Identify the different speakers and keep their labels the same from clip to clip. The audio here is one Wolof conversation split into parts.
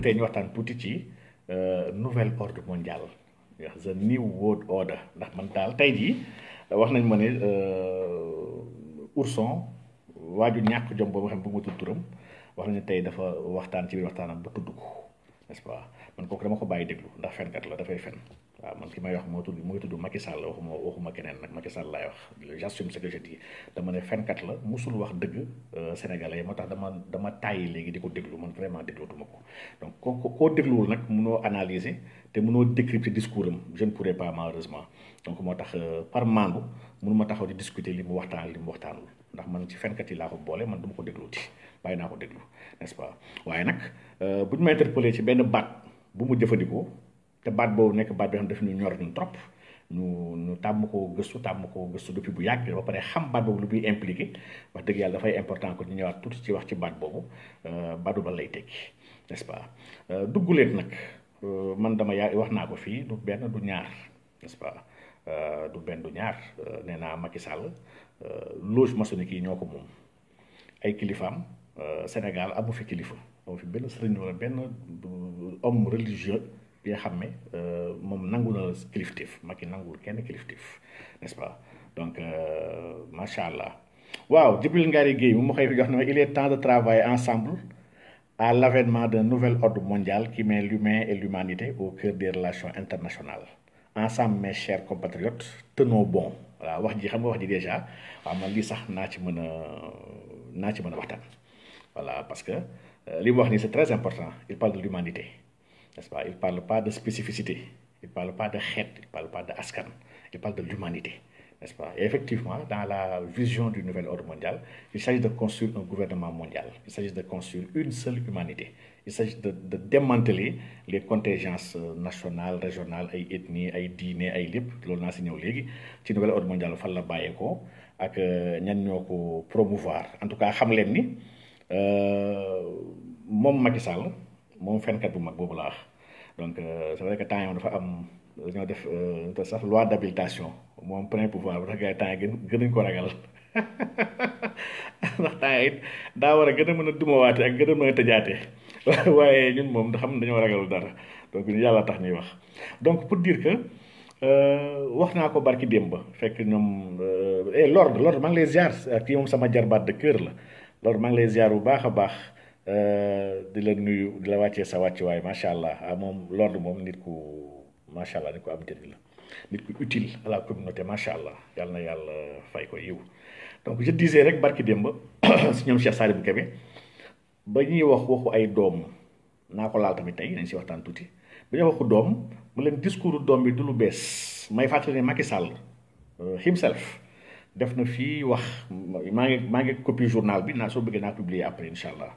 Speaker 1: bi tey ñu waxtaan tuuti ci euh, nouvelle ordre mondial wax the new world order ndax man daal tey jii wax nañ ma ne euh, ourson waaju ñàkk jom boobu xam bu ma tudd turam wax nañu tey dafa waxtaan ci biir waxtaanam ba tudd ko n'est-ce pas man kooku dama ko bàyyi déglu ndax fenkat la dafay fen waaw man ki may wax moo tudd mooy tudd Macky Sall waxuma waxuma keneen nag Macky Sall laay wax j'assume ce que je dis dama ne fenkat la musul wax dëgg euh, sénégalais moo tax dama dama tàyyi léegi di ko déglu man vraiment déglootuma ko donc koo ko dégluwul nag mënoo analyser te mënoo décrypter discours am je pour pourrai pas malheureusement donc moo tax euh, par mandu mënu ma taxaw di discuter li mu waxtaan li mu waxtaanul ndax man ci fenkat yi laa ko boole man du ma ko dégluuti bàyyi naa ko déglu pas waaye nag euh, bu ñu ma interpellé ci benn baat bu mu jëfandikoo te baat boobu nekk baat bi xam daf ñu ñor ñun trop ñu ñu tàmm koo gëstu tàmm koo gëstu depuis bu yàgg ba pare xam baat boobu lu muy impliqué wax dëgg yàlla dafay important que ñu ñëwaat tuuti ci wax ci baat boobu euh, baat boobu lay tekki n'est-ce pas euh, dugguleet nag euh, man dama yaa wax naa ko fii du benn du ñaar n'est-ce pas du benn du ñaar nee naa Macky Sall loge maçonnique yi ñoo ko moom ay kilifaam Sénégal amu fi kilifa amu fi benn sëriñ wala benn homme religieux bi nga xam ne euh, moom nangu na kilifteef Macky nanguwul kenn kilifteef n'est-ce pas donc euh, macha allah waaw Djibril Ngari Guèye mu ma xëy jox ne il est temps de travailler ensemble à l'avènement d'un nouvel ordre mondial qui met l'humain et l'humanité au cœur des relations internationales ensemble mes chers compatriotes tenons bon waaw wax ji xam nga wax ji déjà waaw man lii sax naa ci mën a naa ci mën a waxtaan voilà parce que euh, li mu wax nii c'est très important il parle de l'humanité il ne parle pas de spécificité, il ne parle pas de chèque, il ne parle pas d'ascan, il parle de l'humanité, nest Et effectivement, dans la vision du nouvel ordre mondial, il s'agit de construire un gouvernement mondial, il s'agit de construire une seule humanité, il s'agit de, démanteler les contingences euh, nationales, régionales, ethniques, ethnies, ethniques, ethniques, ethniques, lépp ethniques, ethniques, ethniques, ethniques, ci nouvel ordre mondial ak euh, ñan promouvoir en tout cas xam ni euh, Macky Sall donc euh, c' est vrai que temps yi dafa am dañoo def euh, sax loi d' habilitation moom plein pouvoir bu tax gars yi temps yi gën gënuñ ko ragal ndax temps yi it daa war a gën a mën a ak gën a mën a ñun moom xam ne dañoo dara donc ñu yàlla tax ñuy wax donc pour dire que euh, wax naa ko barki démb fekk ñoom eh Lord Lord maa ngi lay ziar kii moom sama jarbaat de kër la Lord maa ngi lay ziar bu baax a Euh, di la nuyu di la wàccee sa wàccuwaay macha allah ah, moom Lord moom nit ku macha allah nit ku am njëriñ la nit ku utile à la communauté macha allah yàlla na yàlla fay ko yiw donc je rek barki démb si ñoom Cheikh Salim Kébé ba ñuy wax waxu ay doom naa ko laal tamit tey nañ si waxtaan tuuti ba ñuy waxu doom mu leen discours doom bi du lu bees may fàttali ne Macky Sall euh, himself def na fi wax maa ngi maa ngi copie journal bi naa soo bëggee naa publier après incha allah.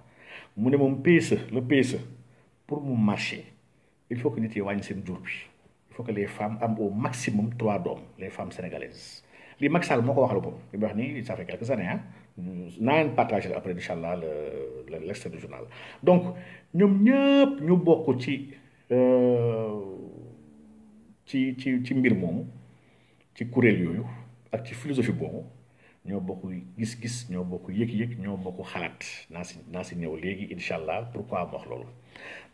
Speaker 1: mu ne moom le PSE pour mu marché. il faut que nit yi wàññi seen jur bi il faut que les femmes am au maximum trois hommes, les femmes sénégalaises li Macky Sall moo ko waxal boppam li wax ni ça fait quelques années hein. naa leen partagé la après incha allah le l'extrait du journal donc ñoom ñëpp ñu bokk ci euh, ci ci ci mbir moomu ci kuréel yooyu ak ci philosophie boobu. ñoo bokk gis-gis ñoo bokk yëg-yëg ñoo bokk xalaat naa si naa si ñëw léegi incha allah pourquoi ma wax loolu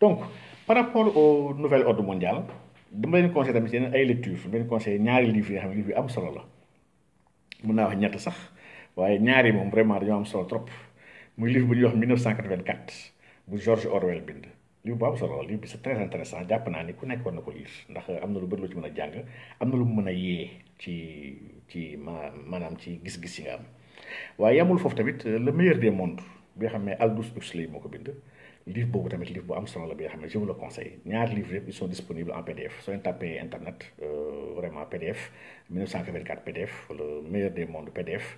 Speaker 1: donc par rapport au nouvelle ordre mondial dama leen conseil tamit yeneen ay lecture dama leen conseil ñaari livres yoo xam ne livre yu am solo la mun naa wax ñett sax waaye ñaari moom vraiment dañoo am solo trop muy livre bu ñuy wax 1984 bu George Orwell bind li bu am solo li bi c'est très intéressant japp naa ni ku nekk war na ko lire ndax am na lu bëri lu ci mën a jàng am na lu mu mën a yee ci ci ma maanaam ci gis-gis yi nga am waaye yamul foofu tamit euh, le meilleur des mondes bi nga xam ne Aldous Huxley moo ko bind livre boobu tamit livre bu am solo la bi nga xam ne je vous le conseille ñaar livre yëpp ils sont disponibles en PDF soo leen tapé internet euh, vraiment PDF 1984 PDF le meilleur des mondes PDF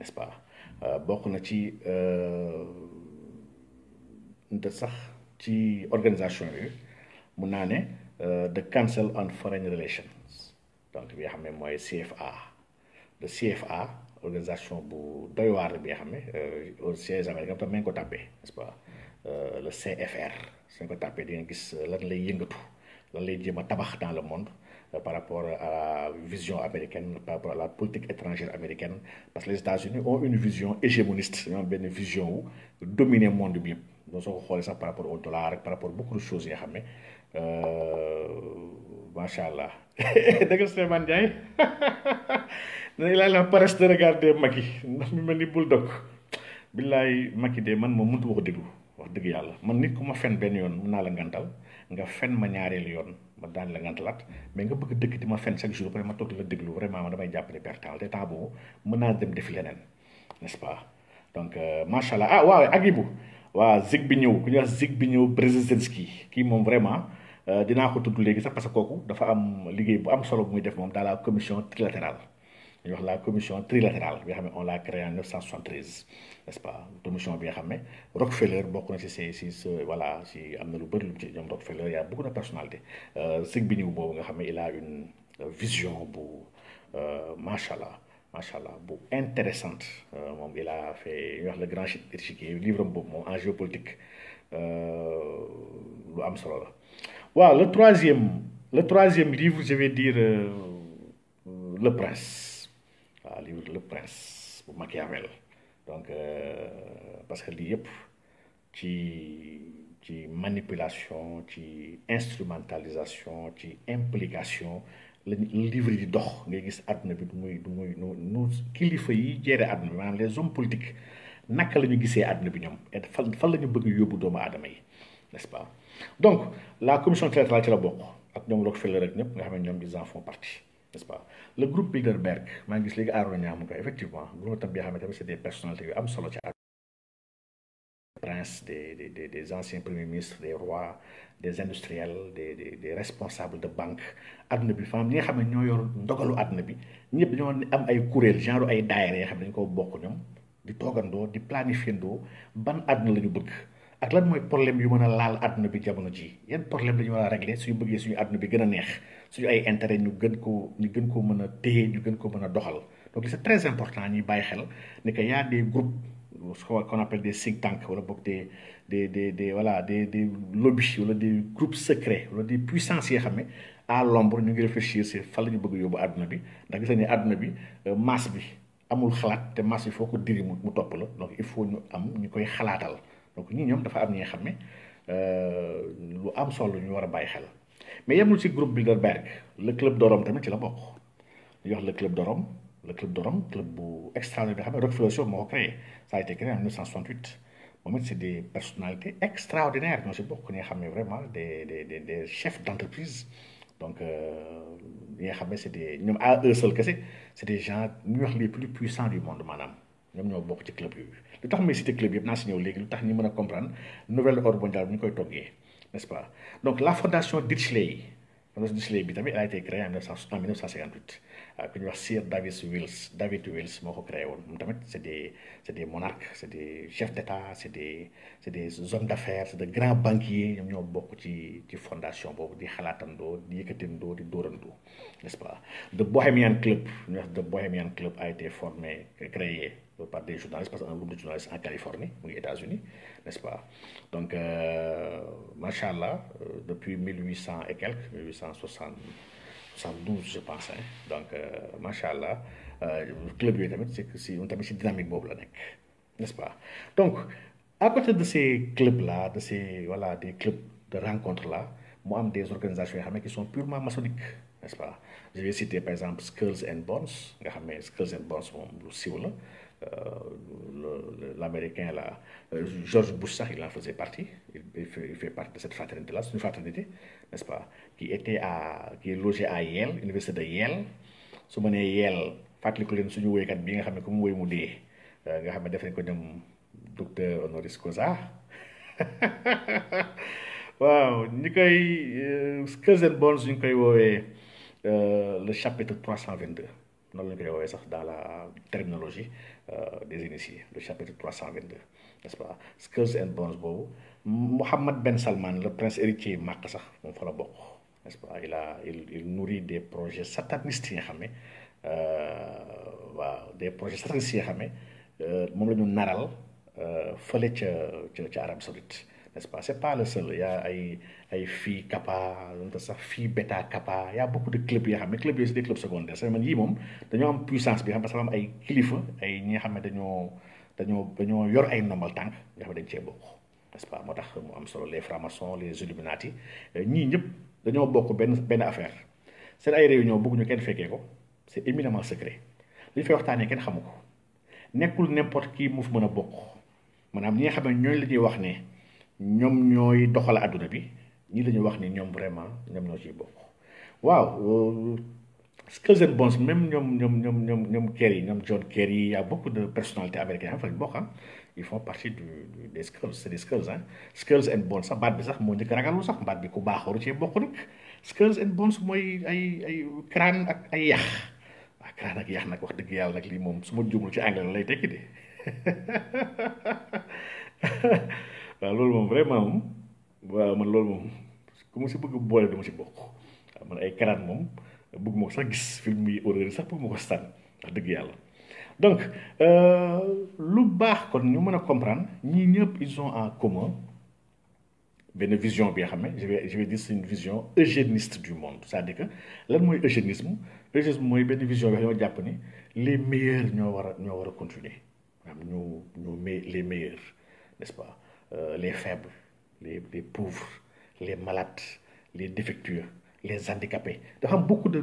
Speaker 1: n'est-ce pas euh, bokk na ci euh, nte sax ci organisation yooyu mun naa ne euh, the Council on Foreign Relations donc bi xamé moy CFA le CFA organisation bu doy waar bi xamé xam ne au siège américain tam nañ ko tàppee n'est-ce pas le CFR c'est ñu ko tàppee di nga gis lan lay yëngatu lan lay jéem a tabax dans le monde euh, par rapport à la vision américaine, par rapport à la politique étrangère américaine, parce que les États-Unis ont une vision hégémoniste, ils ont une vision dominer le monde bien. Donc, on voit ça par rapport au dollar, par rapport à beaucoup de choses, euh, Machallah. D'accord, c'est Diaye Il a la de regarder Maki, il m'a dit bulldog. Billahi, Maki, man, je ne peux pas dire. wax dëgg yàlla man nit ku ma fen benn yoon nga fen ma ñaareelu yoon ma daan la ngantalaat mais nga bëgg dëkk di ma fen chaque jour après ma toog la déglu vraiment ma damay jàppale pertal te temps boobu naa dem def leneen n'est-ce pas donc euh, macha allah ah waaw ak Ibou waa zig bi ñëw ku ñuy wax zig bi ñëw Brzezinski kii moom vraiment euh, dinaa ko tudd léegi sax parce que kooku dafa am liggéey bu am solo bu muy def moom dans la commission trilatérale dañuy wax la commission trilatérale bi nga xam ne on l'a créée en 1973 n'est-ce pas commission bi nga xam ne Rockefeller bokk na si si voilà si am na lu bëri lu ci ñoom Rockefeller y a beaucoup de personnalité euh, sëñ bi niw boobu nga xam ne il a une euh, vision bu euh, macha allah macha allah bu intéressante moom il a fait ñu wax le grand échiquier livre am boobu moom en géopolitique lu am solo la waaw le troisième le troisième livre je vais dire Le Prince à lire Le Prince bu Machiavel donc euh, parce que lii yëpp ci ci manipulation ci instrumentalisation ci implication le livre yi dox ngay gis àdduna bi du muy muy nu kilifa yi jeere àdduna bi les hommes politiques naka la ñu gisee àdduna bi ñom et fan lañu bëgg yóbbu doomu aadama yi n'est-ce pas donc la commission trilatérale ci la bokk ak ñom ñoom Rockefeller rek ñep nga xamé ñom ñoom ils en font partie n'est-ce pas le groupe Bilderberg maa ngi gis léegi aaroon ñaa mu ko effectivement groupe tam bi nga xam ne tamit c'est des personnalités yu am solo ci àdduna princes des des des anciens premiers ministres des des des des des responsables de banque bi fam ñi nga xam ne ñoo yor ndogalu àdduna bi ñëpp ñoo am ay kuréel genre ay daayira yoo xam ne dañu ko bokk ñoom di toogandoo di planifiendoo ban àdduna la ñu bëgg ak lan mooy problème yu mën a laal àdduna bi jamono jii yan problème la ñu war a régler suñu bëggee suñu àdduna bi gën a neex suñu ay intérêt ñu gën koo ñu gën koo mën a téye ñu gën koo mën a doxal donc c'est très important ñuy bàyyi xel ne que y a des groupes qu'on de des think tanks wala boog de des de des voilà des des lobbies wala des groupes secrets wala des puissances yi xam ne à l'ombre ñu ngi réfléchir si fan la ñu bëgg yóbbu àdduna bi ndax gis nañ ne bi euh, masse bi amul xalaat te masse bi foo ko diri mu mu topp la donc il faut ñu am ñu koy xalaatal donc ñi ñoom dafa am ñi nga xam ne euh, lu am solo ñu war a bàyyi xel. mais yemul si groupe Bilderberg le club de Rome tamit ci la bokk li ñuy wax le club de le club de club bu extraordinaire bi nga xam ne Rockefeller moo ko créé ça a été créé en 1968 moom it c' est des personnalités extraordinaires ñoo si bokk ñi nga xam ne vraiment des des des des chefs d' entreprise donc euh, ñi nga xam ne c' est des ñoom à eux seuls kese c' est des gens ñu wax les plus puissants du monde maanaam ñoom ñoo bokk ci club yooyu. lu tax mais cité club yëpp naa si ñëw léegi lu tax ñu mën a comprendre nouvelle ordre mondiale bu ñu koy toggee n'est-ce pas Donc la fondation Ditchley, fondation Ditchley elle a été créée en 1958 ku ñuy wax Sir David Wills David Wills qui ko créé woon des c'est des monarques c'est des chefs d'État, c'est des c'est des hommes d'affaires, c'est des grands banquiers qui ont beaucoup ci ci fondation boobu di xalaatandoo di yëkkatandoo di dóorandoo n' ce pas The Bohemian Club le Bohemian Club a été formé créé euh, par des journalistes, par un groupe de journalistes en Californie, aux États-Unis, n'est-ce pas Donc, euh, Machallah, euh, depuis 1800 et quelques, 1872, je pense, hein, donc, euh, Machallah, le club lui l'État, c'est que dynamique mobile, n'est-ce pas donc à côté de ces clubs là de ces voilà des clubs de rencontres là moi, a des organisations qui sont purement maçonniques n'est-ce pas je vais citer par exemple Skulls and Bones nga Skulls and Bones c'est lu là euh, l'Américain, euh, George Bush, il en faisait partie, il, fait, partie de cette fraternité-là, c'est une fraternité, n'est-ce pas, qui, était à, qui est logée à Yale, l'université de Yale. Si on Yale fàttaliku leen suñu woykat bi nga comme woy mu On euh, nga que docteur honoris causa waaw nous koy Curzon Bonds le chapitre 322 non la ñu koy sax dans la terminologie euh, des initiés le chapitre 322 n'est-ce pas Skulls and Bones boobu Mohammed Ben Salman le prince héritier màkk sax moom fa la bokk n'est-ce pas il a il il nourrit des projets satanistes yi nga xam ne euh, waaw des projets satanistes yi nga xam ne euh, moom la ñu naral fële ca ca ca Arabie Saoudite n'est-ce pas C'est pas le a ay Phi sax Phi Beta Kappa il y a yoo xam ne clubs yooyu c'est des clubs secondaires c'est moom dañoo am puissance bi xam parce ñi nga xam ne dañoo dañoo dañoo yor ay ndombal tànk nga dañ cee bokk n'est-ce moo tax mu am solo les francs-maçons les Illuminati euh, ñii ñëpp dañoo bokk benn benn affaire seen ay réunion bëgguñu kenn fekkee ko c'est éminemment secret li ñu fay waxtaanee kenn xamu ko nekkul n'importe qui mu fi mën a bokk maanaam ñi nga xam ne ñooñu la ñuy wax ne. ñoom ñooy doxal adu bi ñi la ñu wax ni ñoom vraiment ñoom ñoo ciy bokk waaw euh, Skills and Bones même nyom nyom nyom nyom ñoom Kerry ñoom John Kerry y a beaucoup de personnalités américaines fa lañ bokk ah ils font partie du, des Skills c'est des Skills hein Skills and Bones sa baat bi sax moo njëkk ragalul sax baat bi ku baaxoru cee bokk Skills and Bones mooy ay ay crâne ak ay yax waa crâne ak yax nag wax dëgg yàlla nag lii moom su jumul ci anglais lay tekki de waaw loolu moom vraiment moom waaw man loolu moom ku ma si bëgg boole dama si bokk waaw man ay karaan moom bëgg moo sax gis film yi horreur sax bëgg ma ko sànn wax dëgg yàlla donc euh, lu baax kon ñu mën a comprendre ñii ñëpp ils ont en commun benn vision bi nga xam ne je vais je vais dire c'est une vision eugéniste du monde c'est-à-dire que lan mooy eugénisme eugénisme mooy benn vision bi ñoo jàpp ni les meilleurs ñoo war a ñoo war a continuer am ñu ñu les meilleurs n'est-ce pas euh, les faibles, les, les, pauvres, les malades, les défectueux, les handicapés. Donc, beaucoup de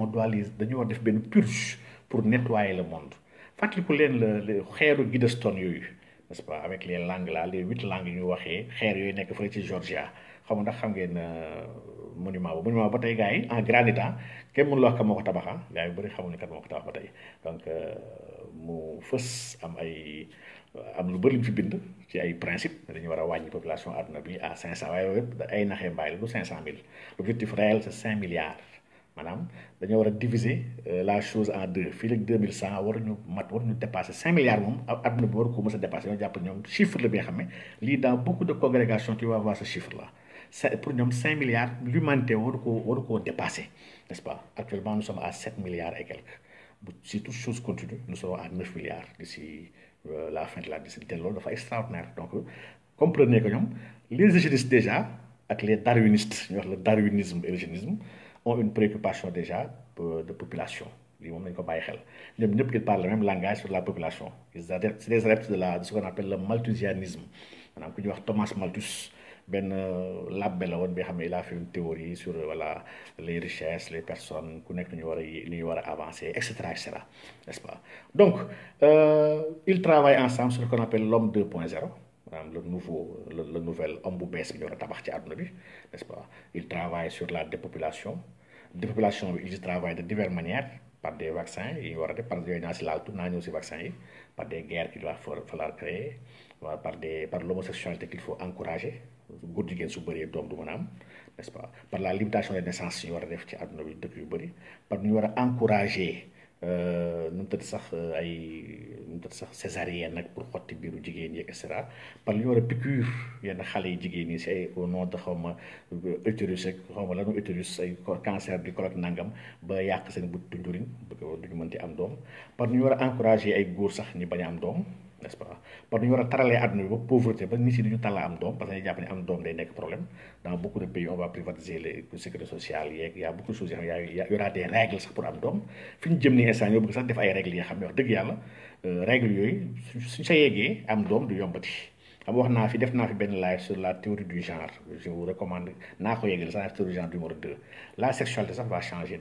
Speaker 1: on doit les faire une purge pour nettoyer le monde. Faites-le le xéru Guidestone yoyu, n'est-ce pas, avec les langues là, les huit langues ñu waxé, xéer yoyu nek fële ci Georgia. xam ndax xam ngeen euh, monument ba monument ba gars en granit ah kenn mënu la wax kan moo ko tabax ah gars yi bëri xamuñu kan moo ko tabax ba tey donc euh, mu fës am ay am lu bëri fi bind ci ay principe dañu war a wàññi population aduna bi à 500 waaye yëpp ay naxee mbaay la du l'objectif réel c'est 5 milliards maanaam dañoo war a diviser euh, la chose en deux fii léegi 2100 ñu mat waruñu dépasser 5 milliards moom avons bi war ko mës a dépasser ñoo jàpp ñoom chiffre la bi nga xam dans beaucoup de congrégations tu vas voir ce chiffre là pour ñoom 5 milliards l'humanité waru ko waru dépasser ce pas actuellement nous sommes à 7 milliards et quelques si toute chose continue nous serons à 9 milliards d'ici euh, la fin de la décennie, c'est loolu dafa extraordinaire donc comprenez que les eugénistes déjà avec les darwinistes le darwinisme et ont une préoccupation déjà euh, de population lii moom ko xel ils parlent le même langage sur la population c'est des adeptes de la ce qu'on appelle le malthusianisme maanaam ku ñuy wax Thomas Malthus ben bi il a fait une théorie sur euh, voilà les richesses les personnes ku nek ñu avancer etc. n'est-ce pas donc euh, ils travaillent ensemble sur ce qu'on appelle l'homme 2.0 le nouveau le nouvel homme bu baisse qui ñu tabax ci n'est-ce pas ils travaillent sur la dépopulation dépopulation ils travaillent de diverses manières par des vaccins par des par des guerres qu'il va falloir créer par des par l'homosexualité qu'il faut encourager góor jigéen su baree doom du mën a am n'est-ce pas par la limitation des naissances yu war a def ci àdduna bi dëkk yu bëri par ñu war a encourager euh, nu mu tëdd sax euh, ay nu mu tëdd sax césarienne nag pour xotti biiru jigéen yi et cetera par li ñu war a piqûre yenn xale yi jigéen yi si ay au nom de xaw ma euh, utérus rek xaw ma lanu utérus ay cancer du col ak nangam ba yàq seen bu tunjurin bëgg duñu mënti am doom par ñu war a encourager ay góor sax ñi bañ am doom n'est-ce pas ba dañu war a taralee àdduna bi ba pauvreté ba nit yi duñu tàllaa am doom parce que ñu jàpp am doom day nekk problème dans beaucoup de pays on va sécurité sociale yeeg y a beaucoup de y a am doom fi ñu jëm ni instant ñoo bëgg sax def ay règles yi xam ne wax dëgg yàlla euh, règles yooyu suñ sa yeggee am doom du yombati xam wax naa fi def naa fi benn live sur la théorie du genre je vous recommande naa ko yeggal sax théorie du genre numéro la sexualité sax va changer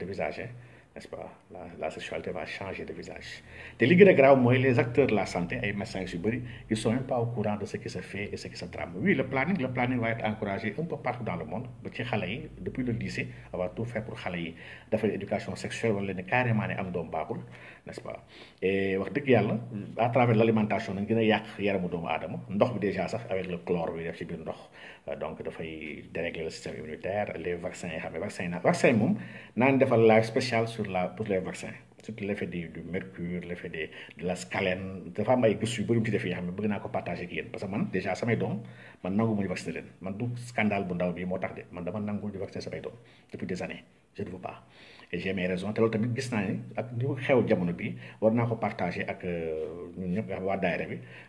Speaker 1: n'est-ce pas la sexualité va changer de visage des li de grave les acteurs de la santé les médecins ils sont même pas au courant de ce qui se fait et ce qui se trame oui le planning le planning va être encouragé un peu partout dans le monde depuis le lycée on va tout faire pour xale dafa sexuelle carrément n'est-ce pas et wax dëgg yàlla mm-hmm. à travers l'alimentation nañ gën a yàq yaramu doomu aadama ndox bi déjà sax avec le chlore bi def ci biir ndox euh, donc dafay dérégler le système immunitaire les vaccins yi xam ne vaccin naa vaccin moom naan defal live spécial sur la pour les vaccins surtout l'effet du du mercure l'effet de de la scalène dafa am ay gëstu yu bëri mu ci def yoo xam ne bëgg naa ko partager ak yéen parce que man déjà samay doom man nangu muñu vacciner leen man du scandale bu ndaw bi moo tax de man dama nangu ñu vacciner samay doom depuis et j'ai mes raisons te loolu tamit gis naa ni ak on xew jamono bi war naa ko partager Nous euh, ñun ñëpp nga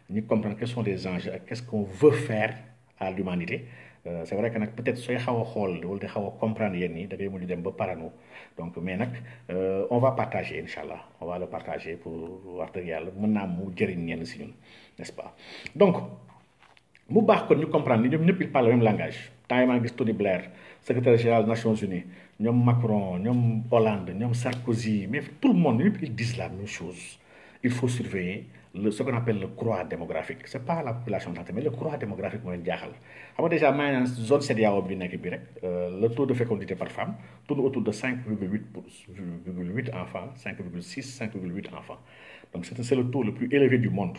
Speaker 1: nous bi comprendre quels sont les enjeux qu'est-ce qu'on veut faire à l'humanité euh, c'est vrai que peut-être sooy xaw a xool wala di xaw comprendre yéen ñi da ngay mujj dem ba parano donc mais euh, on va partager inshallah, on va le partager pour wax de yàlla mën nous mu n'est-ce pas donc mu baax kon ñu comprendre ni ñoom ñëpp ils le même langage temps yi Tony Blair secrétaire général des Nations Unies Macron Hollande Sarkozy tout le monde ñëpp ils disent la même chose il faut surveiller ce qu'on appelle le croix démographique c'est pas la population santé mais le croix démographique moo leen jaaxal déjà maa ngi zone CEDEAO bi rek euh, le taux de fécondité par femme tourne autour de 5,8 enfants 5,6 5,8 enfants donc c'est le taux le plus élevé du monde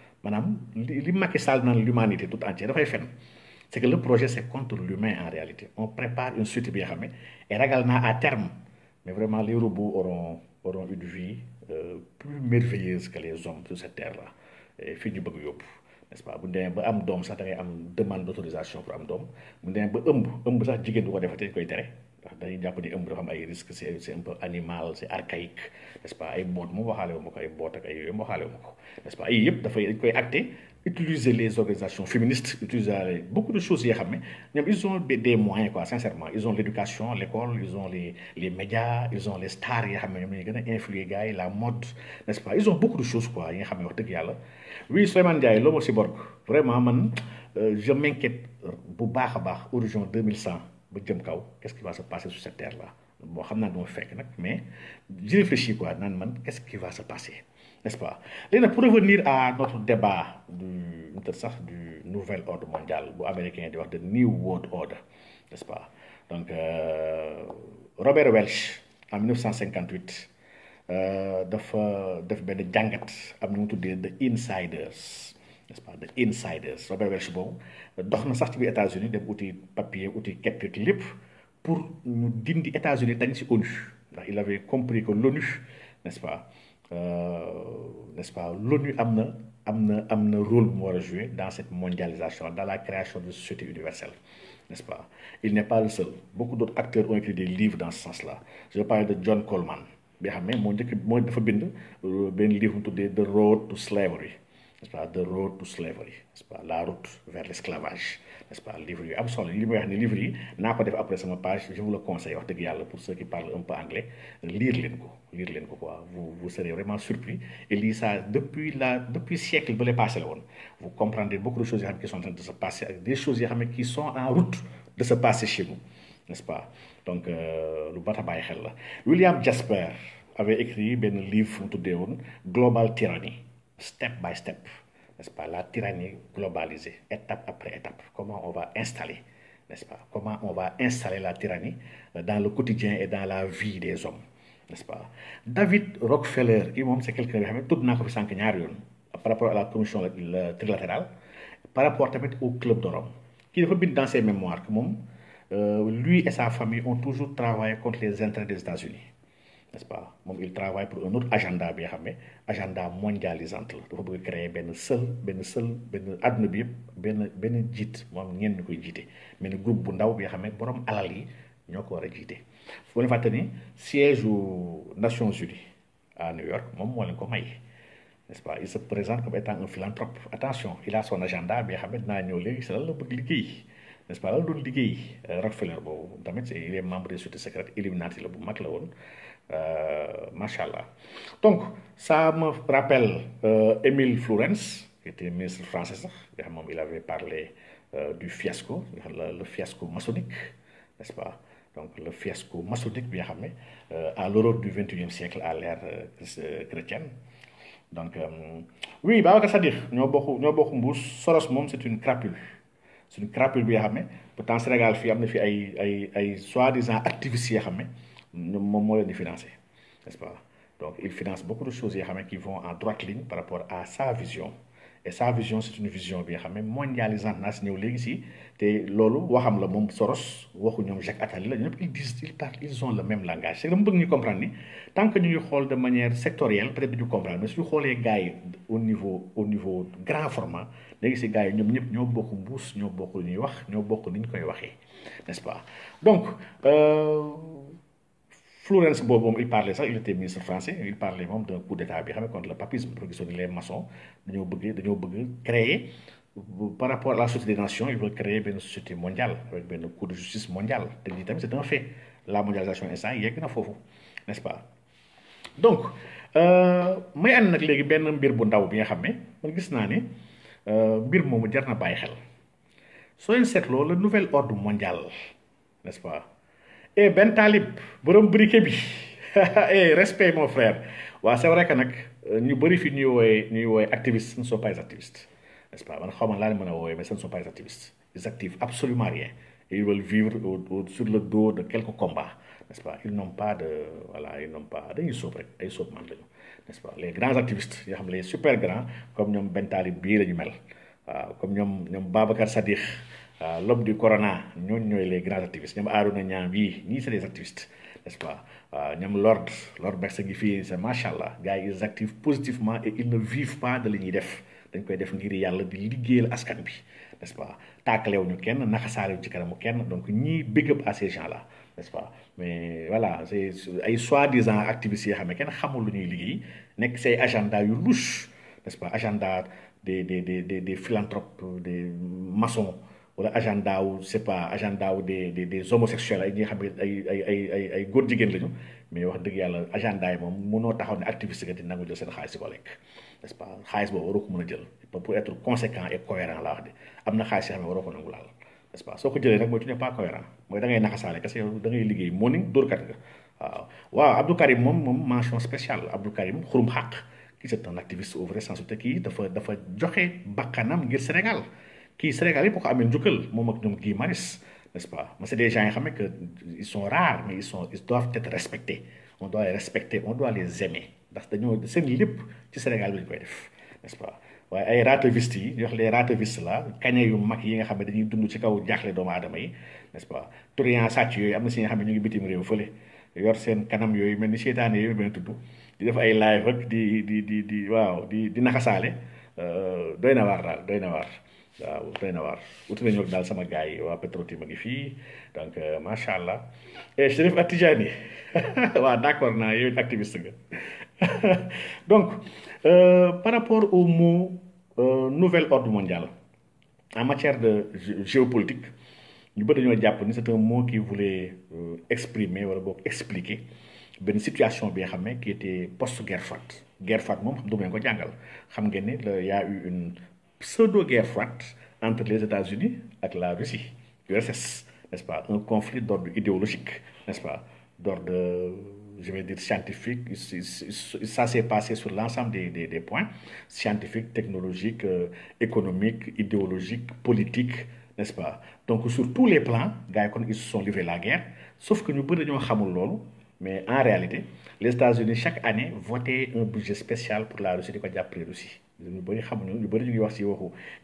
Speaker 1: maanaam li li Macky Sall l'humanité toute entière c'est que le projet c'est contre l'humain en réalité on prépare une suite bi nga et ragal à terme mais vraiment les robots auront auront une vie euh, plus merveilleuse que les hommes sur cette terre là et fii ñu bëgg yóbbu n'est-ce pas bu ñu ba am doom sax da ngay am demande d'autorisation pour am doom bu ñu ba ëmb ëmb sax jigéen du ko defee te koy tere ndax dañuy jàpp ni ëmb dafa am ay risque c'est un peu animal c'est archaïque n'est-ce pas ay boot moom waxaale wu ma ko ay boot ak ay yooyu waxaale wu ma ko n'est-ce pas ay yëpp dafay dañ koy acté utiliser les organisations féministes utiliser beaucoup de choses yoo xam ne ñoom ils ont des moyens quoi sincèrement ils ont l'éducation l'école ils ont les les médias ils ont les stars yoo xam ne ñoom ñooy gën a influer gars yi la mode n'est-ce pas ils ont beaucoup de choses quoi yi nga xam ne wax dëgg yàlla oui Souleymane Ndiaye l'homme cyborg vraiment man euh, je m'inquiète bu baax a baax Origine 2100 kaw qu'est-ce qui va se passer sur cette terre là bon xam naa du ma fekk nag mais je réfléchis quoi man ce qui va se passer n'est-ce pas pour revenir à notre débat du peut du nouvel ordre mondial bu américain di wax de new world order n'est-ce pas donc euh, Robert Welch en 1958 euh, dafa def benn jàngat am nu mu the insiders nest pas de insiders Robert Welchbon, ont dox des sax ci États-Unis dem outil papier outil keppit lépp pour que les États-Unis tan ci ONU ndax il avait compris que l'ONU n'est-ce pas euh, n'est-ce pas l'ONU a un rôle à jouer dans cette mondialisation dans la création de société universelle n'est-ce pas il n'est pas le seul beaucoup d'autres acteurs ont écrit des livres dans ce sens-là je vais parler de John Coleman bi mais écrit un livre de The Road to Slavery nest pas The Road to Slavery nest pas la route vers l'esclavage n'est-ce pas livre yu ah, am li livre yi def après sama page je vous le conseille wax pour ceux qui parlent un peu anglais lire lingo, lire quoi vous vous serez vraiment surpris et lisez ça depuis la depuis siècle ba lay passé la vous comprendrez beaucoup de choses qui sont en train de se passer des choses qui sont en route de se passer chez vous, n'est-ce pas donc euh, lu bat a bàyyi William Jasper avait écrit un livre mu tuddee Global Tyranny step by step, n'est-ce pas, la tyrannie globalisée, étape après étape. Comment on va installer, n'est-ce pas, comment on va installer la tyrannie dans le quotidien et dans la vie des hommes, n'est-ce pas. David Rockefeller, c'est quelqu'un qui tout par rapport à la commission trilatérale, par rapport au club de Rome, qui dans ses mémoires que euh, lui et sa famille ont toujours travaillé contre les intérêts des États-Unis n'est-ce pas moom il travaille pour un autre agenda bi nga agenda mondialisant, la dafa bëgg créer ben seul ben seul ben àdduna bi ben ben jitt jiit moom ñenn ñu koy jiite groupe bu ndaw bi xamé borom alal yi ñoko wara jité a ñu ni siège aux Nations Unies à New York moom mo leen ko may n'est-ce pas il se présente comme étant un philanthrope attention il a son agenda bi xamé xam ne dinaa ñëw la bëgg liggéey. n'est-ce pas loolu doon liggéey Rockefeller boobu tamit il est membre des sociétés secrètes Illuminati la bu mag la woon euh, Machallah. Donc, ça me rappelle euh, Émile Florence, qui était ministre français, il avait parlé euh, du fiasco, le, fiasco maçonnique, n'est-ce pas donc le fiasco maçonnique bien nga euh, à l'Europe du XXIe e siècle à l'ère chrétienne donc oui bah, Sadikh ñoo bokk ñoo bokk mbuus Soros moom c'est une crapule c'est une crapule bien nga pourtant Sénégal il y a fi ay ay ay soi-disant activistes bien moom moo de financer, n'est-ce pas donc il finance beaucoup de choses y a ne qui vont en droite ligne par rapport à sa vision et sa vision c'est une vision bi nga ne mondialisante naa si ñëw léegi si te loolu waxam la Soros waxu ñoom Jacques Attali la ils disent ils parlent ils ont le même langage c'est dama bëgg comprendre ni tant que nous ngi de manière sectorielle peut-être duñu comprendre mais si xoolee gars au niveau au niveau grand format léegi si gars yi ñoom ñëpp ñoo bokk mbuus ñoo bokk lu ñuy wax ñoo bokk ni koy waxee n'est-ce pas donc euh, Florence il parlait ça, il était ministre français il parlait même d'un coup d'état contre le papisme pour les maçons créer par rapport à la société des nations ils veulent créer une société mondiale avec coup de justice mondiale c'est un fait la mondialisation a ça n'est-ce pas donc je vais vous le nouvel ordre mondial n'est-ce pas et eh, Ben Talib borom briquet bi et eh, respect mon frère waaw c'est vrai que nak euh, ñu bari fi ñu woy ñuy woy activistes ne sont pas des activistes n'est-ce pas man xamal la laa leen mais ce ne sont pas des activistes ils activent absolument rien ils veulent vivre au, au, sur le dos de quelques combats n'est-ce pas ils n'ont pas de voilà ils n'ont pas de. sóob rek ay sóob man lañu n'est-ce pas les grands activistes yoo xam les super grands comme ñom Ben Talib bii la mel waaw comme ñom ñom Babacar Sadikh euh, l'homme du Corona ñooñu ñoy les grands activistes ñam aruna ñam wi ni c'est des activistes n'est-ce pas euh, ñam Lord Lord Bersa ngi fii c'est macha gars yi ils activent positivement et ils ne vivent pas de li def dañ koy def ngir yalla di liggéeyal askan bi n'est-ce pas taakalew ñu kenn naxasaalew ci kanamu kenn donc ñi big up à ces gens là n'est-ce pas mais voilà c'est ay soi-disant activistes yoo xam ne kenn xamul lu ñuy liggéey nek say agenda yu louche n'est-ce pas agenda des des des des philanthropes des maçons wala agenda wu c'est pas agenda wu des des des homosexuels ay ñi nga ay ay ay góor jigéen lañu mais wax dëgg yàlla agenda yi moom mënoo taxaw ne activiste nga di nangu jël seen xaalis si ko lekk n'est-ce pas xaalis boobu waroo ko a jël pour être conséquent et cohérent la wax de am na xaalis yoo xam ne waroo ko nangu laal n'est-ce soo ko jëlee nag mooy tu n'es pas cohérent mooy da ngay naxasaale kese yow da ngay liggéey waaw waaw Abdou moom moom mention spéciale Abdou Karim xurum xàq ki c'est un activiste au vrai sens te kii dafa dafa joxe bakkanam ngir Sénégal kii Sénégal yëpp ko amee njukkal moom ak ñoom Guy Marius n'est-ce pas mais c'est des gens yi xam ne que ils son rares mais ils sont ils doivent être respectés on doit les respecter on doit les aimer ndax dañoo seen lépp ci Sénégal bi lañ koy def n'est-ce waaye ay ratavistes yi ñu wax les ratavistes la kañe yu mag yi nga xam ne dañuy dund oh, ci kaw jaaxle doomu aadama yi n'est-ce pas turian sàcc yooyu am na si nga xam ne ñu ngi bitim réew fële yor seen kanam yooyu mel ni seytaane yooyu mel ni tudd di def ay live rek di di di di waaw di di naxasaale eh, doy na waar daal na waar waaw doy na waar uti nañu daal sama gars yi waa Petro-Tim a ngi fii donc euh, macha allah et eh, Chérif Atijani waaw d'accord. accord naa yow activiste nga donc euh, par rapport au mot euh, Nouvelle ordre mondial en matière de géopolitique ñu bëri dañoo jàpp ni c' un mot qui voulait exprimer wala boog expliquer benn situation bi nga qui était post guerre froide guerre froide moom xam du ko jàngal xam ngeen ne il y a eu une pseudo-guerre froide entre les États-Unis et la Russie, l'URSS, n'est-ce pas Un conflit d'ordre idéologique, n'est-ce pas D'ordre, je vais dire, scientifique. Ça s'est passé sur l'ensemble des, points scientifiques, technologiques, euh, économiques, idéologiques, politiques, n'est-ce pas Donc, sur tous les plans, ils se sont livrés la guerre, sauf que nous ne savons mais en réalité, les États-Unis, chaque année, votaient un budget spécial pour la Russie, de Russie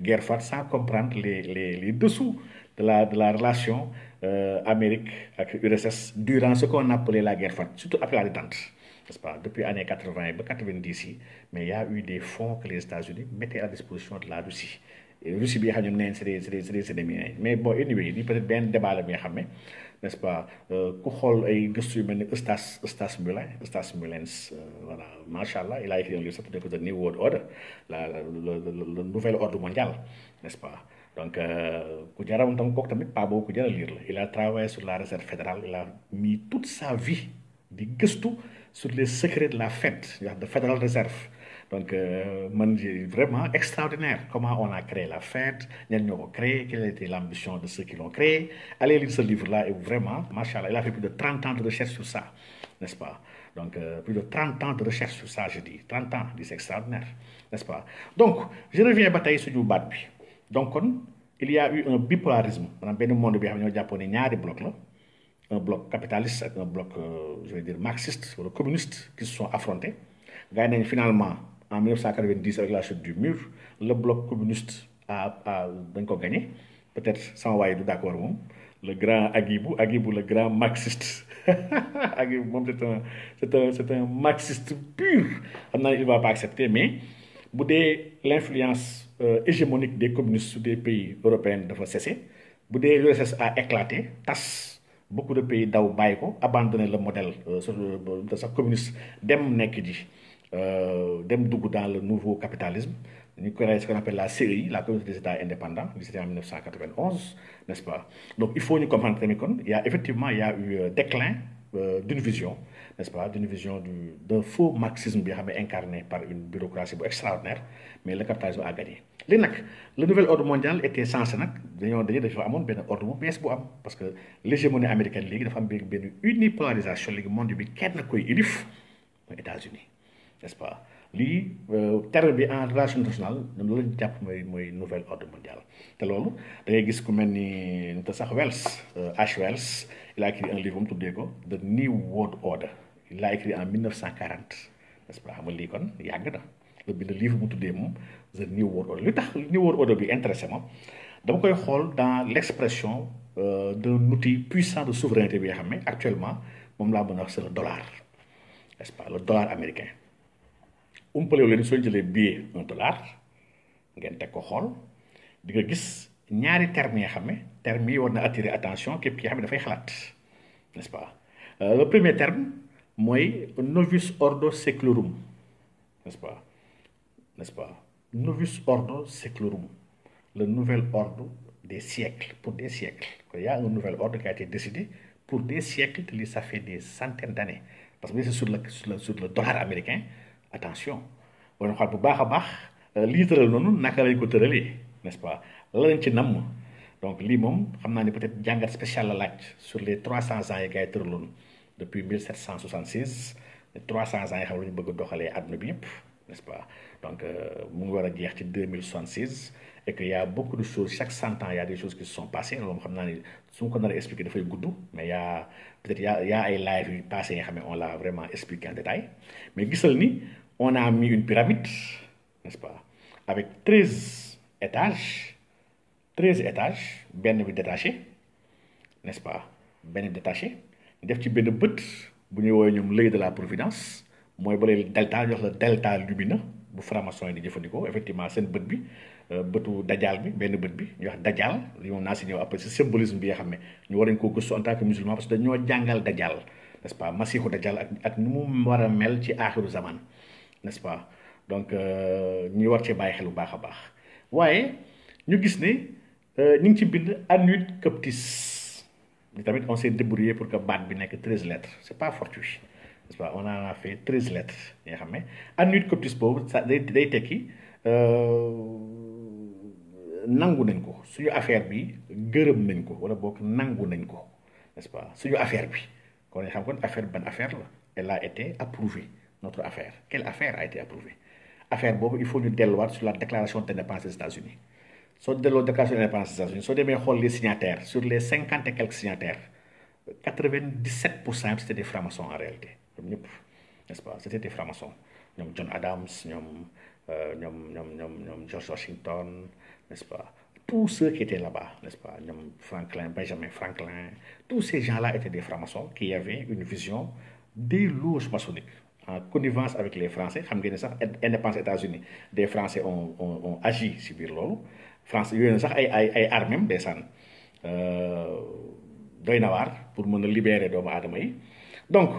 Speaker 1: guerre froide sans comprendre les dessous de la de la relation euh, Amérique avec URSS durant ce qu'on appelait la guerre froide surtout après la détente n'est-ce pas depuis années 80 et 90 mais il y a eu des fonds que les États-Unis mettaient à disposition de la Russie Russie bi nga xam ñoom neen c'est c'est c'est c'est demi mais bon anyway nii peut benn débat la xam ne nest pas euh, ku xool ay gëstu yu mel ni Eustace Eustace Mullins Eustace Mullins euh, voilà macha allah il a écrit un livre ça peut-être pas donc euh, ku jaram tam kooku tamit pas boobu ku jara lire la il a travaillé sur la réserve fédérale il a mis toute sa vie di gëstu sur les secrets de la Fed de Federal Reserve Donc, euh, vraiment extraordinaire comment on a créé la fête, créé, quelle était l'ambition de ceux qui l'ont créé. Allez lire ce livre-là et vraiment, il a fait plus de 30 ans de recherche sur ça, n'est-ce pas donc, euh, plus de 30 ans de recherche sur ça, je dis. 30 ans, c'est extraordinaire, n'est-ce pas Donc, je reviens à Bataille sur Donc, il y a eu un bipolarisme. Dans le monde, il y a des blocs là. Un bloc capitaliste et un bloc, euh, je vais dire, marxiste ou communiste qui se sont affrontés. Gagnent finalement en 1990 avec la chute du mur le bloc communiste a gagné peut-être sans avoir d'accord le grand Agibou Agibou le grand marxiste Agibou c'est un marxiste pur Maintenant, il ne va pas accepter mais l'influence euh, hégémonique des communistes sur des pays européens doit cesser L'USS l'URSS a éclaté Tass, beaucoup de pays daw ont abandonné le modèle euh, euh, communiste dem euh, dem dans le nouveau capitalisme Nous créé ce qu'on appelle la série, la communauté des états indépendants qui était en 1991 n'est-ce pas donc il faut qu'on comprendre qu'effectivement, il y a effectivement il y a eu euh, déclin euh, d'une vision n'est-ce pas d'une vision du d'un faux marxisme qui incarné par une bureaucratie extraordinaire mais le capitalisme a gagné le nouvel ordre mondial était censé être un ordre mondial, parce que l'hégémonie américaine il dafa am benn benn unipolarisation le monde bi unif les États-Unis n'est-ce pas Li, terre euh, bi en relation internationale ñoom la japp moy moy nouvelle ordre mondial té loolu da ngay gis ku melni ni Wells euh, H Wells il a écrit un livre mu tuddee ko The New World Order il a écrit en 1940 n'est-ce pas xam li kon yag na le livre mu tuddee mom The New World Order li tax New World Order bi intéressé ma dama koy xol dans l'expression euh, d'un outil puissant de souveraineté bi nga actuellement mom la wax c'est le dollar n'est-ce pas le dollar américain umpalewu leen soo jëlee billet un dollar ngeen teg ko xool di nga gis ñaari terme yi xam ne termes yi war na attirer attention képp ki xam ne dafay xalaat n'est-ce pas euh, le premier terme mooy novus ordo seclorum n'est-ce pas n'est-ce pas novus ordo seclorum le nouvel ordre des siècles pour des siècles il y a un nouvel ordre qui a été décidé pour des siècles ça fait des centaines d'années parce que c'est sur le, sur le dollar américain attention bon xol bu baax a baax euh, lii tëral noonu naka lañ ko tëralee n'est-ce pas la lañ ci namm donc lii moom xam naa ne peut-être jàngat spécial la laaj sur les trois cent ans yi gars yi tëraloon depuis mille sept cent soixante six trois cent ans yi xam lañu bëgg doxalee àdduna bi yëpp n'est-ce pas donc euh, mu ngi war a jeex ci deux mille soixante six et qu'il y a beaucoup de choses, chaque 100 ans, il y a des choses qui se sont passées. je ne sais pas expliqué de Goudou, mais il y a peut-être il y a, il y a un live on l'a vraiment expliqué en détail. Mais on a mis une pyramide, n'est-ce pas, avec 13 étages, 13 étages, bien détachés, n'est-ce pas, bien détaché. Il y a un petit peu de but, de la providence, moi, le delta, le delta lumineux, pour l'a maçon effectivement, c'est une but. Euh, bëtu dajal bi benn bët bi ñu wax dajal li moom naa si après si symbolisme bi nga xam ne ñu war nañ koo gëstu en tant que musulman parce que dajal nespa est ce pas masiixu dajal ak ak ni mu mel ci aaxiru zaman nespa, est ce pas donc euh, ñu war cee bàyyi xel bu baax baax waaye ñu gis ne euh, ñu ci bind annuit coptis ñu tamit on s' est débrouillé pour que baat bi nekk treize lettres c' pas fortuit n' ce pas on en a fait treize lettres yi day nangu nañ ko suñu affaire bi ko wala nangu affaire bi xam affaire affaire elle a été approuvée notre affaire quelle affaire a été approuvée affaire il faut ñu delluwaat sur la déclaration d'indépendance des États-Unis soo delloo déclaration des États-Unis les signataires sur les 50 et quelques signataires 97% étaient des francs-maçons en réalité c'était des francs-maçons John Adams euh, George Washington n'est-ce pas Tous ceux qui étaient là-bas, n'est-ce pas Franklin, Benjamin Franklin, tous ces gens-là étaient des francs-maçons qui avaient une vision des loges maçonniques en connivence avec les Français. Vous savez, indépendance États-Unis, des Français ont, ont, agi sur ce loolu. Ils ont ont ay des euh, pour me libérer de ma donc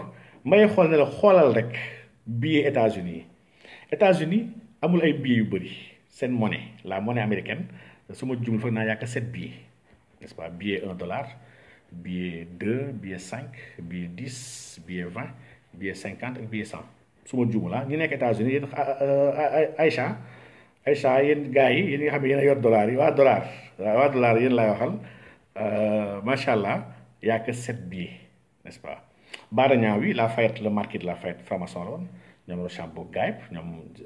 Speaker 1: may vais ne la États-Unis États-Unis amul ay billet yu une monnaie la monnaie américaine suma djumul fakk na yak 7 billets n'est-ce pas billet 1 dollar billet 2 billets 5 billets 10 billets 20 billets 50 billets 100 suma djumul la ah, ñi nek états-unis a ah, ah, aïcha aïcha yeen gars il y xam yeen yor dollar yi wa dollar wa dollar yeen lay waxal euh machallah yak 7 billets n'est-ce pas barañaw oui la fête le marché de la fête franc-maçon ñoom Rochambeau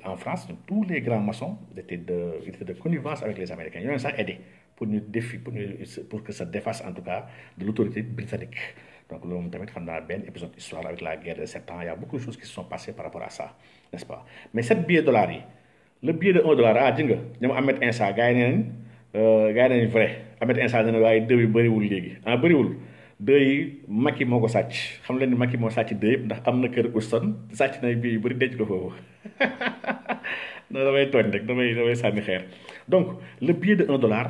Speaker 1: en France tous les grands maçons étaient de de connivence avec les Américains Ils ont aidé pour pour que ça défasse en tout cas de l'autorité britannique donc avec la guerre de ans il y a beaucoup de choses qui se sont passées par rapport à ça n'est-ce pas mais cette de le billet de 1$, dollar ah euh, vrai deux yi Macky moo ko sàcc xam leen ni Macky moo sàcc deux yëpp ndax am na kër Houston sàcc na bii bëri denc ko foofu non damay tooñ rek damay damay sànni xeer donc le billet de un dollar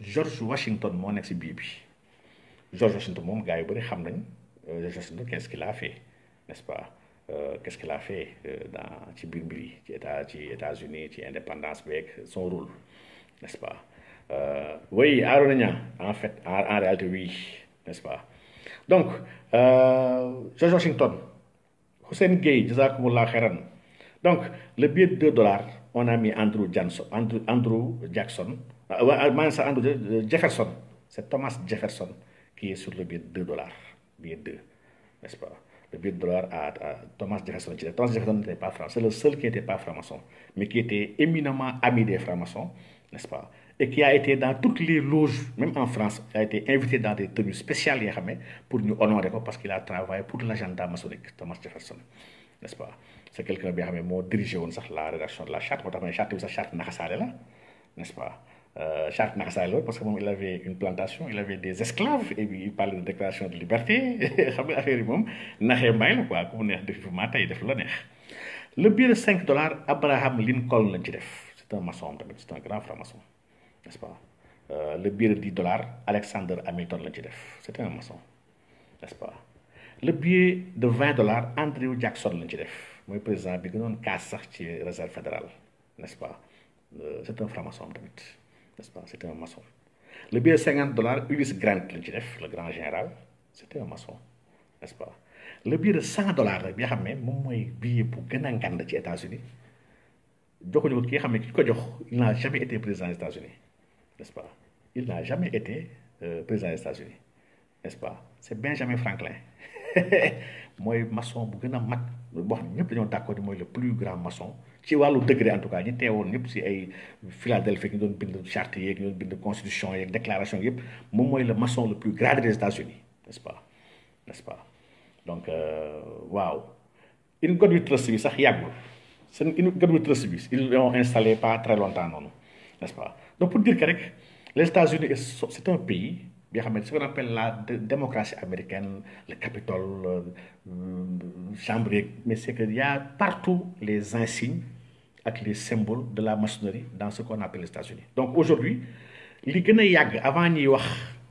Speaker 1: George Washington moo nekk si bii bi George Washington moom gars yi bëri xam nañ euh, George Washington qu'est-ce qu'il fait n'est-ce pas euh, qu'est-ce qu'il a fait euh, dans ci biir mbir yi ci état ci États-Unis ci indépendance beeg son rôle n'est-ce pas oui Arouna en fait en réalité oui n'est-ce pas Donc, euh, George Washington, Hussein Gay, Jazakumullah Khairan. Donc, le billet de 2 dollars, on a mis Andrew, Jackson, Andrew, Andrew Jackson, euh, euh Andrew euh, Jefferson. C'est Thomas Jefferson qui est sur le billet de 2 dollars, billet 2, n'est-ce pas le billet de dollars à, à, Thomas Jefferson. Thomas Jefferson n'était pas franc, c'est le seul qui n'était pas franc-maçon, mais qui était éminemment ami des francs-maçons, n'est-ce pas et qui a été dans toutes les loges, même en France, a été invité dans des tenues spéciales pour nous honorer parce qu'il a travaillé pour l'agenda maçonnique, Thomas Jefferson. N'est-ce pas C'est quelqu'un qui a dirigé la rédaction de la charte, la charte ou La charte là, n'est-ce pas euh, Charles parce qu'il avait une plantation, il avait des esclaves, et puis il parlait de déclaration de liberté. Le billet de 5 dollars, Abraham Lincoln, c'est un maçon, c'est un grand franc-maçon n'est-ce pas euh, le billet de 10 dollars Alexander Hamilton l'a ci c'était un maçon n'est-ce pas le billet de 20 dollars Andrew Jackson lañ ci def mooy président bi gënoon casse sax ci réserve fédérale n'est-ce pas euh, c'est un franc-maçon d'habitude, n'est-ce pas c'était un maçon le billet de 50 dollars Ulysse Grant l'a ci def le grand général c'était un maçon n'est-ce pas le billet de 100 dollars rek bi nga xam billet pour gën grand ngand ci États-Unis joxuñu ko ki ko il n'a jamais été président des États-Unis n'est-ce pas Il n'a jamais été euh, président des États-Unis, n'est-ce pas C'est Benjamin Franklin. Moi, maçon bu gën mag boo ñëpp dañoo d'accord le plus grand maçon ci le degré en tout cas ñu teewoon ñëpp si ay Philadelphie qui donne bind charte yeeg ñu doon constitution yeeg déclaration yëpp moom mooy le maçon le plus grand des États-Unis n'est-ce pas n'est-ce pas donc euh, waaw une Godwin Trust bi sax yàggul seen une Godwin Trust bi ils l'ont installé pas très longtemps non n'est-ce pas donc pour dire que les États-Unis, c'est un pays, bien ce qu'on appelle la démocratie américaine, le Capitole, le euh, euh, chambre, mais c'est qu'il y a partout les insignes avec les symboles de la maçonnerie dans ce qu'on appelle les États-Unis. Donc aujourd'hui, les gën avant de wax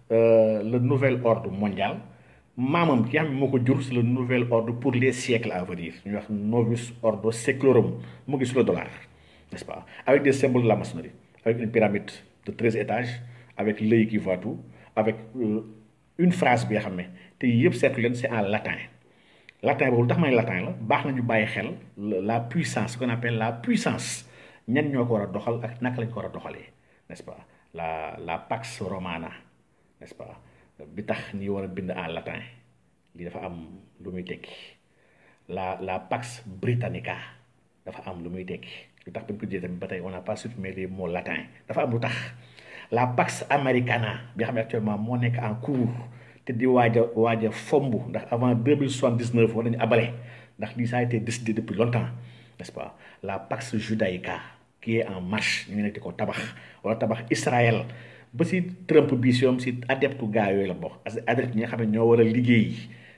Speaker 1: euh, le nouvel ordre mondial même qui a mis beaucoup c'est le nouvel ordre pour les siècles à venir le wax novus ordo seclorum mu le dollar n'est-ce pas avec des symboles de la maçonnerie avec une pyramide de 13 étages, avec l'œil qui voit tout, avec euh, une phrase bien xamé té yépp sétlu c'est en latin latin bobu tax may latin la bax nañu bayyi xel la puissance qu'on appelle la puissance ñan ñoko wara doxal ak nak lañ ko wara doxalé n'est-ce pas la la pax romana n'est-ce pas bi tax ni wara bind en latin li dafa am lu muy tekki la la pax britannica dafa am lu muy tekki lu tax Perpétuité tamit ba tey on n'a pas supprimé les mots latins dafa am lu tax la pax americana bi xam ne actuellement moo nekk en cours te di waaja waaja fomb ndax avant deux mille soixante dix neuf abale ndax lii ça a été décidé depuis longtemps n'est-ce pas la pax judaïca qui est en marche ñu ngi nekk ko tabax wala tabax Israël ba si Trump bi si moom si adepte gars yooyu la parce que ñi nga xam ne ñoo war a liggéey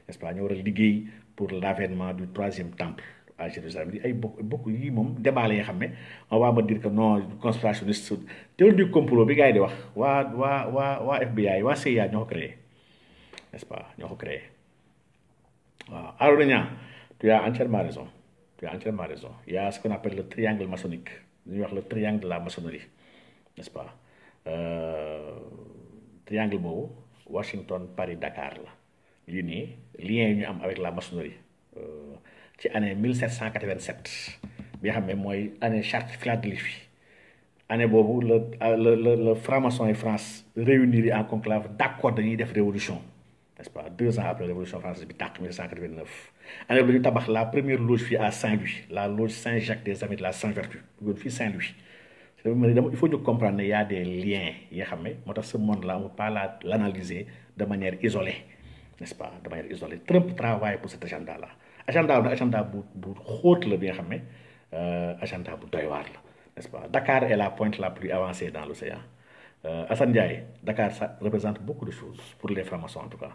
Speaker 1: n'est-ce pas ñoo war a liggéey pour l'avènement du troisième temple. à Jérusalem di ay bokk bokk yi moom débat la yoo xam ne dire que non conspirationniste théorie du complot bi gars yi di wax waa waa waa waa FBI waa CIA ñoo ko créé n' est ce pas ñoo ko créé waaw alors tu as entièrement raison tu as entièrement raison il y a ce qu'on appelle le triangle maçonnique ñuy wax le triangle de la maçonnerie ce pas euh, triangle boobu Washington Paris Dakar la lii lien ñu am avec la maçonnerie euh, C'est année 1787 bi nga moy année charte philadelphie année bobu le le le franc-maçon France réunir en conclave d'accord dañuy def révolution n'est-ce pas deux ans après la révolution française bi l'année 1789 année la la première loge à Saint-Louis la loge Saint-Jacques des Amis de la saint vertu loge Saint-Louis il faut comprendre qu'il y a des liens yi ce monde là on ne peut pas l'analyser de manière isolée n'est-ce pas de manière isolée Trump travaille pour cet agenda là agenda wu agenda bu bu xóot la bi nga xam ne euh, agenda bu doy la n'est-ce pas Dakar est la pointe la plus avancée dans l'océan euh, Assane Ndiaye Dakar ça représente beaucoup de choses pour les francs-maçons en tout cas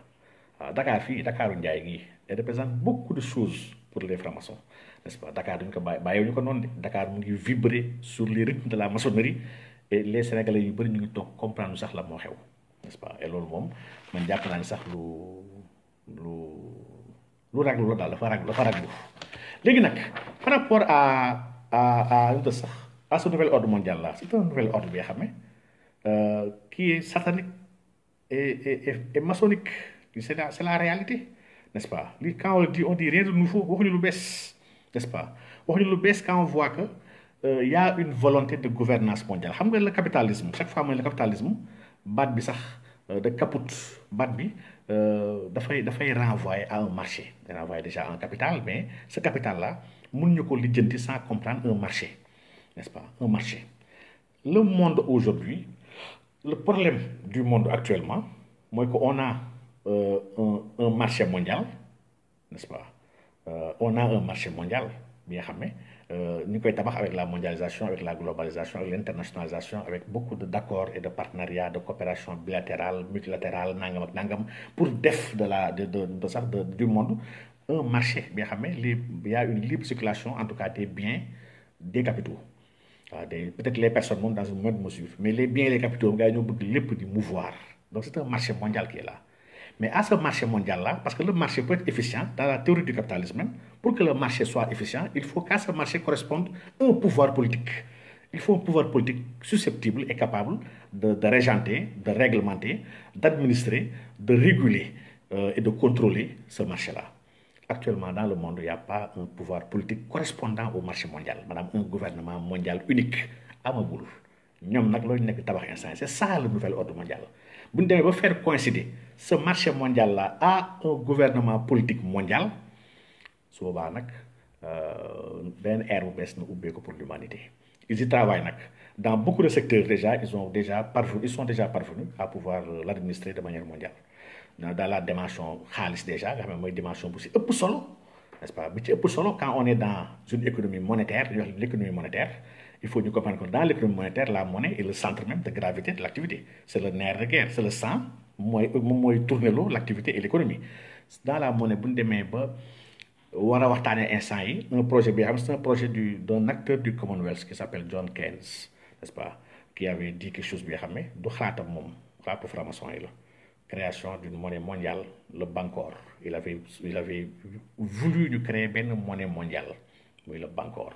Speaker 1: ah, Dakar fii Dakaru Ndiaye gii elle représente beaucoup de choses pour les francs-maçons n'est-ce pas Dakar duñ ko bàyyi bàyyiwuñu ko Dakar mu ngi vibrer sur les rythmes de la maçonnerie et les Sénégalais yu bëri ñu ngi toog comprendre sax la moo xew n'est-ce pas et man sax lu lu lu raglu la daal dafa raglu dafa raglu léegi nag par rapport à à à lu sax à ce nouvel ordre mondial là c'est un nouvel ordre bi nga xam ne qui eh, est satanique et eh, et eh, et, et maçonnique c'est la c'est la réalité n'est-ce pas li quand on le dit on oh, dit rien de nouveau waxuñu oh, lu bees n'est-ce pas waxuñu oh, lu bees quand on voit que il y a une volonté de gouvernance mondiale xam nga le capitalisme chaque fois mooy le capitalisme baat bi sax da kaput baat bi il euh, faut renvoyer à un marché renvoyer déjà un capital mais ce capital là mënuñu ko sans comprendre un marché n'est-ce pas un marché le monde aujourd'hui le problème du monde actuellement c'est qu'on a euh, un marché mondial n'est-ce pas euh, on a un marché mondial bien sûr, nous euh, avec la mondialisation avec la globalisation avec l'internationalisation avec beaucoup d'accords et de partenariats de coopération bilatérale multilatérale pour def de de de du monde un marché il y a une libre circulation en tout cas des biens des capitaux peut-être les personnes montent dans une mode mesure mais les biens et les capitaux gars beaucoup ñoo de mouvoir donc c'est un marché mondial qui est là mais à ce marché mondial-là, parce que le marché peut être efficient, dans la théorie du capitalisme, pour que le marché soit efficient, il faut qu'à ce marché corresponde un pouvoir politique. Il faut un pouvoir politique susceptible et capable de, régenter, de réglementer, d'administrer, de réguler euh, et de contrôler ce marché-là. Actuellement, dans le monde, il n'y a pas un pouvoir politique correspondant au marché mondial. Madame, un gouvernement mondial unique à C'est ça le nouvel ordre mondial. Vous devez faire coïncider ce marché mondial là a un gouvernement politique mondial souvent euh, pour l'humanité ils y travaillent dans beaucoup de secteurs déjà ils ont déjà ils sont déjà parvenus à pouvoir euh, l'administrer de manière mondiale dans la dimension Khalis déjà il y a dimension démarche aussi n'est-ce pas quand on est dans une économie monétaire l'économie monétaire il faut nous comprendre que dans l'économie monétaire, la monnaie est le centre même de gravité de l'activité. C'est le nerf de guerre, c'est le sang moy moom tourner l'activité et l'économie. dans la monnaie bu a un projet bi un projet du d'un acteur du Commonwealth qui s'appelle John Keynes n'est-ce pas qui avait dit quelque chose bi xamé du la création d'une monnaie mondiale le Bancor il avait il avait voulu créer une monnaie mondiale le Bancor